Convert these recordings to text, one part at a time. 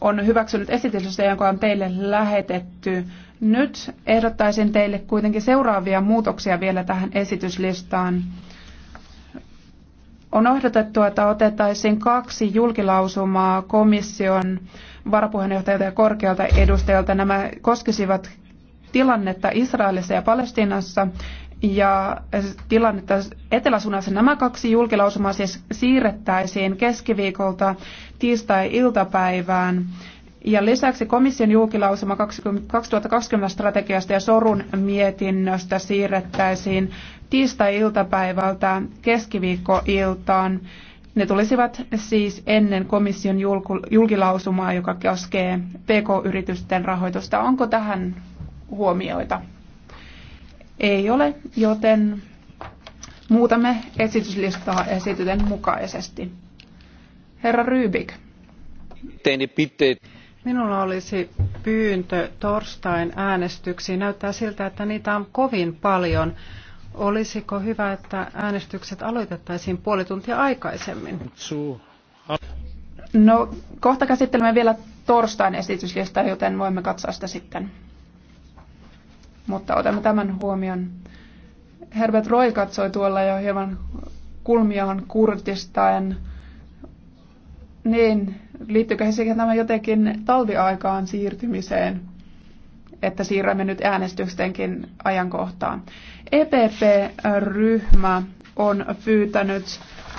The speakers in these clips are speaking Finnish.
on hyväksynyt esitystä, joka on teille lähetetty. Nyt ehdottaisin teille kuitenkin seuraavia muutoksia vielä tähän esityslistaan. On ehdotettu, että otettaisiin kaksi julkilausumaa komission varapuheenjohtajalta ja korkealta edustajalta. Nämä koskisivat tilannetta Israelissa ja Palestiinassa ja tilannetta eteläsuunnassa Nämä kaksi julkilausumaa siis siirrettäisiin keskiviikolta tiistai-iltapäivään. Ja lisäksi komission julkilausuma 2020 strategiasta ja sorun mietinnöstä siirrettäisiin tiistai-iltapäivältä keskiviikkoiltaan. Ne tulisivat siis ennen komission julkilausumaa, joka koskee pk-yritysten rahoitusta. Onko tähän huomioita? Ei ole, joten muutamme esityslistaa esityten mukaisesti. Herra Rybik. Minulla olisi pyyntö torstain äänestyksiin. Näyttää siltä, että niitä on kovin paljon. Olisiko hyvä, että äänestykset aloitettaisiin puoli tuntia aikaisemmin? No, kohta käsittelemme vielä torstain esityslistaa, joten voimme katsoa sitä sitten mutta otamme tämän huomioon. Herbert Roy katsoi tuolla jo hieman kulmiaan kurtistaen. Niin, liittyykö siihen tämä jotenkin talviaikaan siirtymiseen, että siirrämme nyt äänestystenkin ajankohtaan. EPP-ryhmä on pyytänyt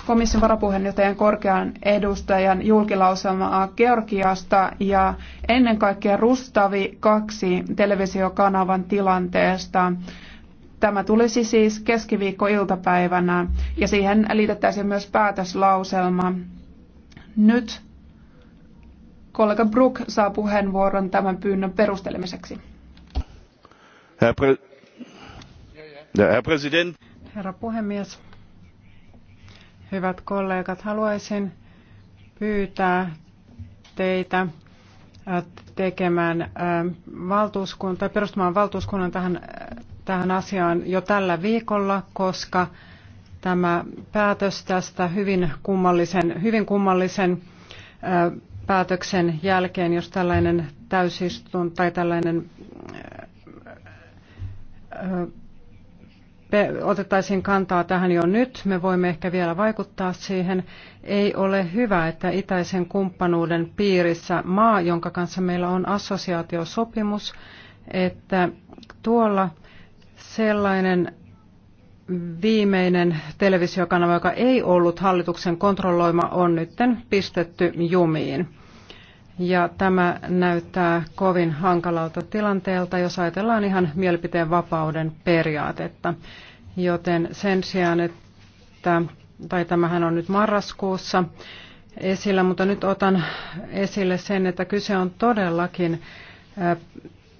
komission varapuheenjohtajan korkean edustajan julkilauselmaa Georgiasta ja ennen kaikkea Rustavi 2 televisiokanavan tilanteesta. Tämä tulisi siis keskiviikkoiltapäivänä ja siihen liitettäisiin myös päätöslauselma. Nyt kollega Brook saa puheenvuoron tämän pyynnön perustelemiseksi. Herra, pre- herra puhemies, Hyvät kollegat, haluaisin pyytää teitä tekemään valtuuskunta, perustamaan valtuuskunnan tähän, tähän asiaan jo tällä viikolla, koska tämä päätös tästä hyvin kummallisen, hyvin kummallisen päätöksen jälkeen, jos tällainen täysistunto tai tällainen otettaisiin kantaa tähän jo nyt, me voimme ehkä vielä vaikuttaa siihen. Ei ole hyvä, että itäisen kumppanuuden piirissä maa, jonka kanssa meillä on assosiaatiosopimus, että tuolla sellainen viimeinen televisiokanava, joka ei ollut hallituksen kontrolloima, on nyt pistetty jumiin. Ja tämä näyttää kovin hankalalta tilanteelta, jos ajatellaan ihan mielipiteen vapauden periaatetta. Joten sen sijaan, että, tai tämähän on nyt marraskuussa esillä, mutta nyt otan esille sen, että kyse on todellakin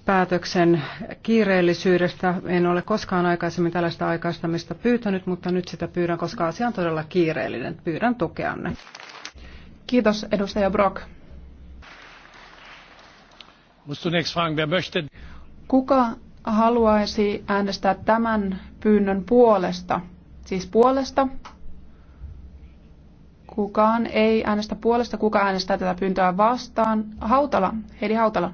päätöksen kiireellisyydestä. En ole koskaan aikaisemmin tällaista aikaistamista pyytänyt, mutta nyt sitä pyydän, koska asia on todella kiireellinen. Pyydän tukeanne. Kiitos edustaja Brock. Kuka haluaisi äänestää tämän pyynnön puolesta? Siis puolesta? Kukaan ei äänestä puolesta. Kuka äänestää tätä pyyntöä vastaan? Hautala, Heidi Hautala.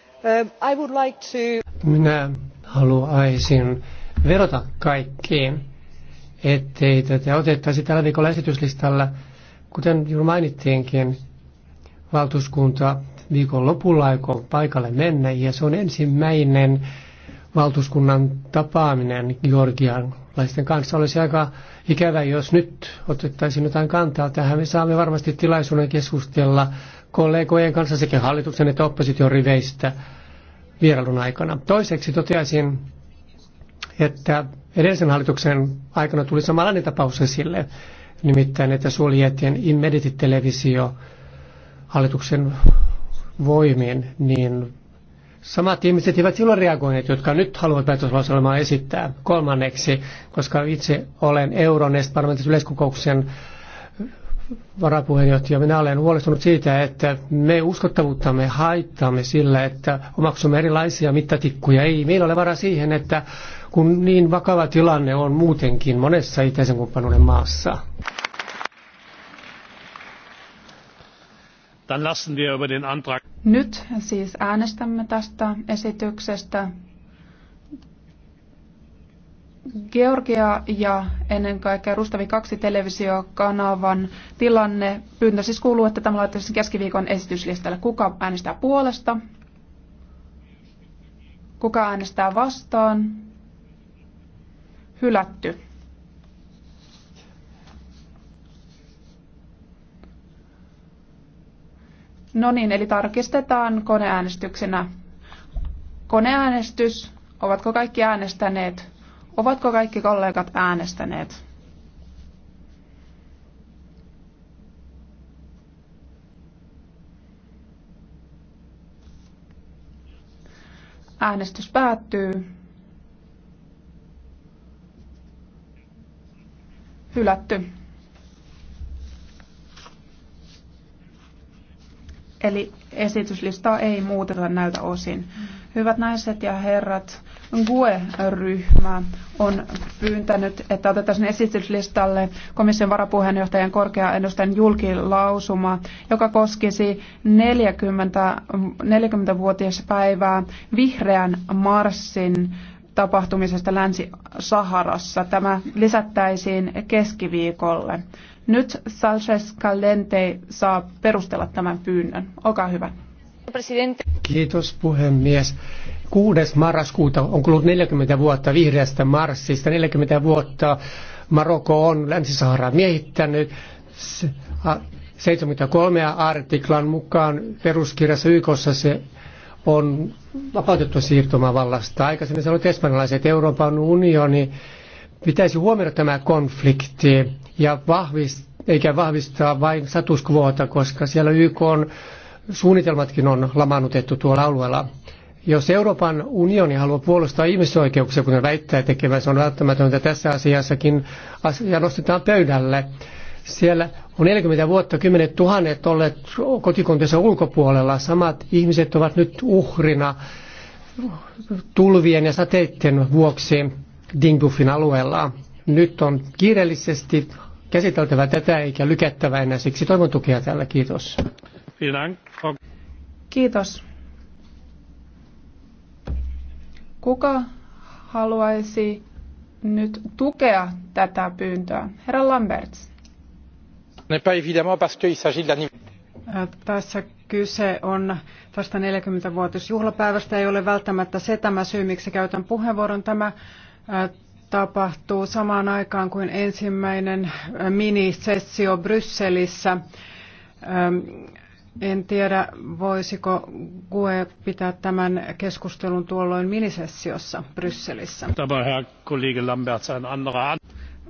Um, I would like to... Minä haluaisin verota kaikkiin, ettei tätä otettaisi tällä viikolla esityslistalla. Kuten juuri mainittiinkin, valtuuskunta viikon lopulla aikoo paikalle mennä ja se on ensimmäinen valtuuskunnan tapaaminen Georgian laisten kanssa. Olisi aika ikävä, jos nyt otettaisiin jotain kantaa tähän. Me saamme varmasti tilaisuuden keskustella kollegojen kanssa sekä hallituksen että opposition riveistä vierailun aikana. Toiseksi toteaisin, että edellisen hallituksen aikana tuli samanlainen tapaus esille, nimittäin että suljettiin Immediti-televisio hallituksen voimin, niin samat ihmiset eivät silloin reagoineet, jotka nyt haluavat päätöslauselmaa esittää. Kolmanneksi, koska itse olen Euronest parlamentin yleiskokouksen varapuheenjohtaja, minä olen huolestunut siitä, että me uskottavuuttamme haittaamme sillä, että omaksumme erilaisia mittatikkuja. Ei meillä ole varaa siihen, että kun niin vakava tilanne on muutenkin monessa itäisen kumppanuuden maassa. Dann lassen wir über den Antrag. Nyt siis äänestämme tästä esityksestä. Georgia ja ennen kaikkea Rustavi 2 televisiokanavan tilanne. Pyyntö siis kuuluu, että tämä laitettaisiin keskiviikon esityslistalle. Kuka äänestää puolesta? Kuka äänestää vastaan? Hylätty. No niin, eli tarkistetaan koneäänestyksenä. Koneäänestys. Ovatko kaikki äänestäneet? Ovatko kaikki kollegat äänestäneet? Äänestys päättyy. Hylätty. Eli esityslistaa ei muuteta näiltä osin. Hyvät naiset ja herrat, GUE-ryhmä on pyyntänyt, että otettaisiin esityslistalle komission varapuheenjohtajan korkea edustajan julkilausuma, joka koskisi 40, 40 päivää vihreän marssin tapahtumisesta Länsi-Saharassa. Tämä lisättäisiin keskiviikolle. Nyt Salches Calente saa perustella tämän pyynnön. Olkaa hyvä. Kiitos puhemies. 6. marraskuuta on kulunut 40 vuotta vihreästä marssista. 40 vuotta Marokko on Länsi-Saharaa miehittänyt. 73 artiklan mukaan peruskirjassa YKssa se on vapautettu siirtomavallasta. Aikaisemmin se oli espanjalaiset. Euroopan unioni pitäisi huomioida tämä konflikti ja vahvistaa, eikä vahvistaa vain satuskvuota, koska siellä YK on, suunnitelmatkin on lamaannutettu tuolla alueella. Jos Euroopan unioni haluaa puolustaa ihmisoikeuksia, kuten väittää tekemään, se on välttämätöntä tässä asiassakin ja nostetaan pöydälle. Siellä on 40 vuotta kymmenet tuhannet olleet kotikuntansa ulkopuolella. Samat ihmiset ovat nyt uhrina tulvien ja sateiden vuoksi Dingbuffin alueella. Nyt on kiireellisesti käsiteltävä tätä eikä lykättävä enää. Siksi toivon tukea täällä. Kiitos. Kiitos. Kuka haluaisi nyt tukea tätä pyyntöä? Herra Lamberts. Tässä kyse on tästä 40-vuotisjuhlapäivästä. Ei ole välttämättä se tämä syy, miksi käytän puheenvuoron. Tämä tapahtuu samaan aikaan kuin ensimmäinen minisessio Brysselissä. En tiedä, voisiko GUE pitää tämän keskustelun tuolloin minisessiossa Brysselissä. Tämä herra kollega Lambert, ein anderer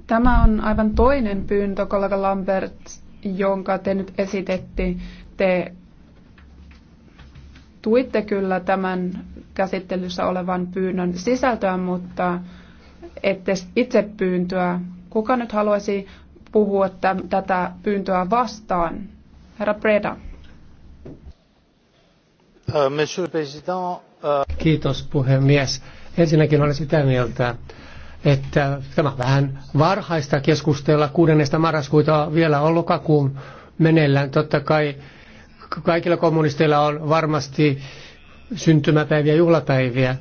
Tämä on aivan toinen pyyntö, kollega Lambert, jonka te nyt esitetti. Te tuitte kyllä tämän käsittelyssä olevan pyynnön sisältöä, mutta ette itse pyyntöä. Kuka nyt haluaisi puhua täm, tätä pyyntöä vastaan? Herra Preda. Euh, monsieur euh- Kiitos puhemies. Ensinnäkin olen sitä mieltä, että tämä on vähän varhaista keskustella 6. marraskuuta vielä on lokakuun meneillään. Totta kai kaikilla kommunisteilla on varmasti syntymäpäiviä, juhlapäiviä.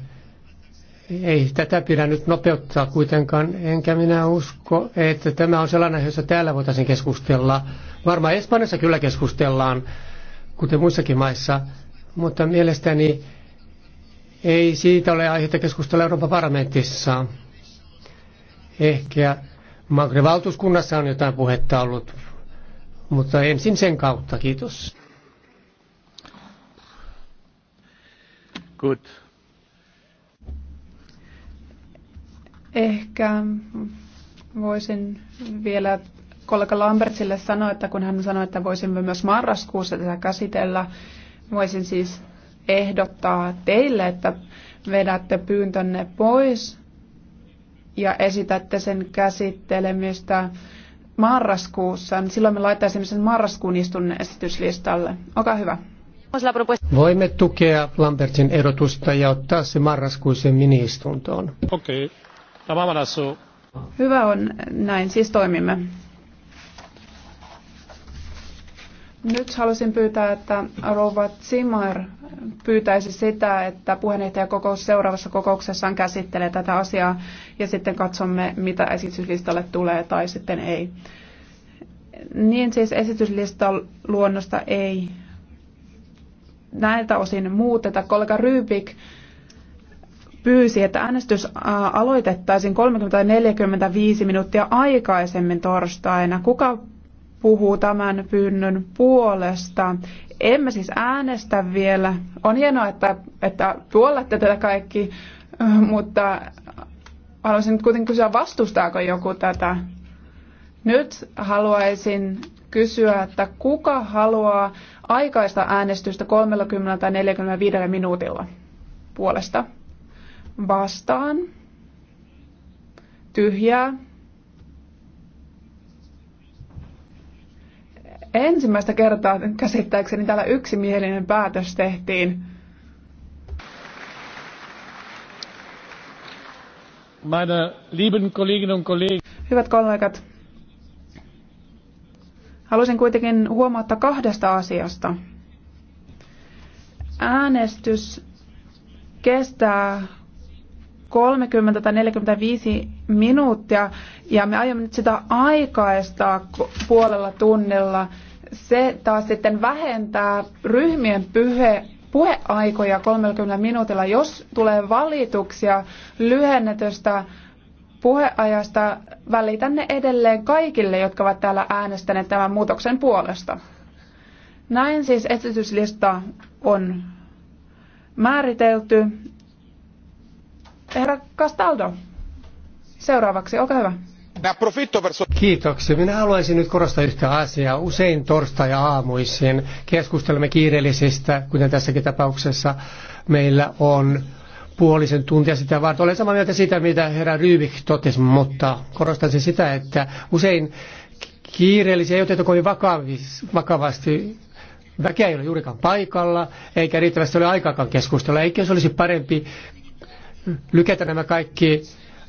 Ei tätä pidä nyt nopeuttaa kuitenkaan, enkä minä usko, että tämä on sellainen, jossa täällä voitaisiin keskustella. Varmaan Espanjassa kyllä keskustellaan, kuten muissakin maissa, mutta mielestäni ei siitä ole aihetta keskustella Euroopan parlamentissa. Ehkä Magre valtuuskunnassa on jotain puhetta ollut, mutta ensin sen kautta. Kiitos. Good. Ehkä voisin vielä kollega Lambertsille sanoa, että kun hän sanoi, että voisimme myös marraskuussa tätä käsitellä, voisin siis ehdottaa teille, että vedätte pyyntönne pois ja esitätte sen käsittelemistä marraskuussa, niin silloin me laittaisimme sen marraskuun istunnon esityslistalle. Olkaa hyvä. Voimme tukea Lambertin erotusta ja ottaa se marraskuisen ministuntoon. Okei. Okay. Hyvä on, näin siis toimimme. Nyt halusin pyytää, että rouva Zimmer pyytäisi sitä, että puheenjohtajakokous seuraavassa kokouksessaan käsittelee tätä asiaa ja sitten katsomme, mitä esityslistalle tulee tai sitten ei. Niin siis esityslistan luonnosta ei näiltä osin muuteta. Kollega Rybik pyysi, että äänestys aloitettaisiin 30-45 minuuttia aikaisemmin torstaina. Kuka puhuu tämän pyynnön puolesta. Emme siis äänestä vielä. On hienoa, että, että puolette tätä kaikki, äh, mutta haluaisin nyt kuitenkin kysyä, vastustaako joku tätä? Nyt haluaisin kysyä, että kuka haluaa aikaista äänestystä 30 tai 45 minuutilla puolesta? Vastaan. Tyhjää. ensimmäistä kertaa käsittääkseni täällä yksimielinen päätös tehtiin. Meine lieben Kolleginnen und Kollegen. Hyvät kollegat, haluaisin kuitenkin huomauttaa kahdesta asiasta. Äänestys kestää 30 tai 45 minuuttia ja me aiomme nyt sitä aikaistaa puolella tunnilla. Se taas sitten vähentää ryhmien pyhe, puheaikoja 30 minuutilla. Jos tulee valituksia lyhennetystä puheajasta, välitän ne edelleen kaikille, jotka ovat täällä äänestäneet tämän muutoksen puolesta. Näin siis esityslista on määritelty Herra Castaldo, seuraavaksi, olkaa hyvä. Kiitoksia. Minä haluaisin nyt korostaa yhtä asiaa. Usein torstai-aamuisin keskustelemme kiireellisistä, kuten tässäkin tapauksessa meillä on puolisen tuntia sitä varten. Olen samaa mieltä siitä, mitä herra Rybik totesi, mutta korostan sitä, että usein kiireellisiä ei oteta kovin vakavasti. Väkeä ei ole juurikaan paikalla, eikä riittävästi ole aikaakaan keskustella. eikä se olisi parempi lykätä nämä kaikki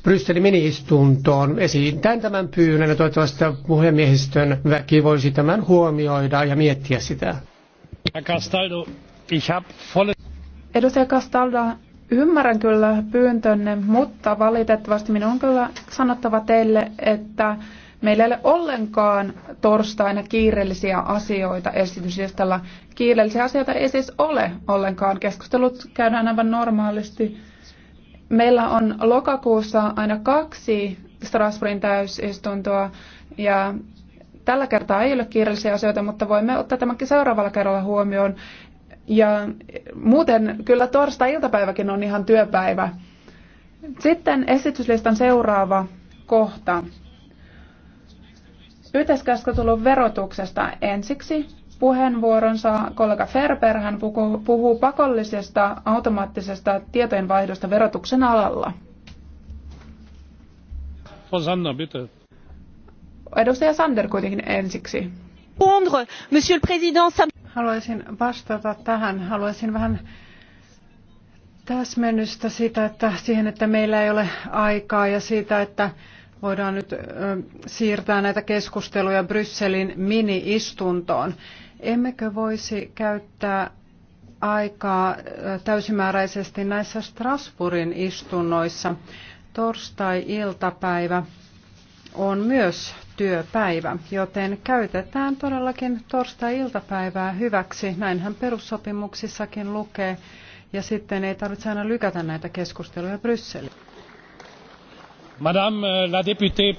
Brysselin miniistuntoon. Esitän tämän pyynnön ja toivottavasti puhemiehistön väki voisi tämän huomioida ja miettiä sitä. Edustaja Castaldo, ymmärrän kyllä pyyntönne, mutta valitettavasti minun on kyllä sanottava teille, että meillä ei ole ollenkaan torstaina kiireellisiä asioita esityslistalla. Kiireellisiä asioita ei siis ole ollenkaan. Keskustelut käydään aivan normaalisti Meillä on lokakuussa aina kaksi Strasbourgin täysistuntoa ja tällä kertaa ei ole kiireellisiä asioita, mutta voimme ottaa tämänkin seuraavalla kerralla huomioon. Ja muuten kyllä torstai-iltapäiväkin on ihan työpäivä. Sitten esityslistan seuraava kohta. Yhteiskeskustelun verotuksesta ensiksi puheenvuoronsa kollega Ferber. Hän puhuu pakollisesta automaattisesta tietojenvaihdosta verotuksen alalla. Sanna, bitte. Edustaja Sander kuitenkin ensiksi. Monsieur le Président, Haluaisin vastata tähän. Haluaisin vähän täsmennystä siitä, että siihen, että meillä ei ole aikaa ja siitä, että voidaan nyt siirtää näitä keskusteluja Brysselin mini-istuntoon. Emmekö voisi käyttää aikaa täysimääräisesti näissä Strasbourgin istunnoissa? Torstai-iltapäivä on myös työpäivä, joten käytetään todellakin torstai-iltapäivää hyväksi. Näinhän perussopimuksissakin lukee, ja sitten ei tarvitse aina lykätä näitä keskusteluja Brysseliin. Madame euh, la députée,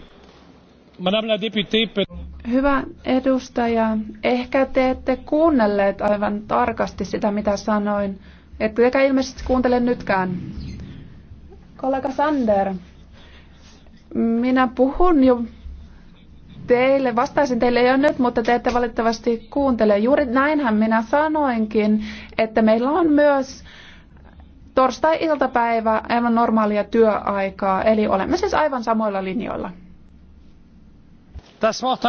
Madame la députée, Hyvä edustaja, ehkä te ette kuunnelleet aivan tarkasti sitä, mitä sanoin. Ette tekään ilmeisesti kuuntele nytkään. Kollega Sander, minä puhun jo teille, vastaisin teille jo nyt, mutta te ette valitettavasti kuuntele. Juuri näinhän minä sanoinkin, että meillä on myös torstai-iltapäivä aivan normaalia työaikaa, eli olemme siis aivan samoilla linjoilla das wort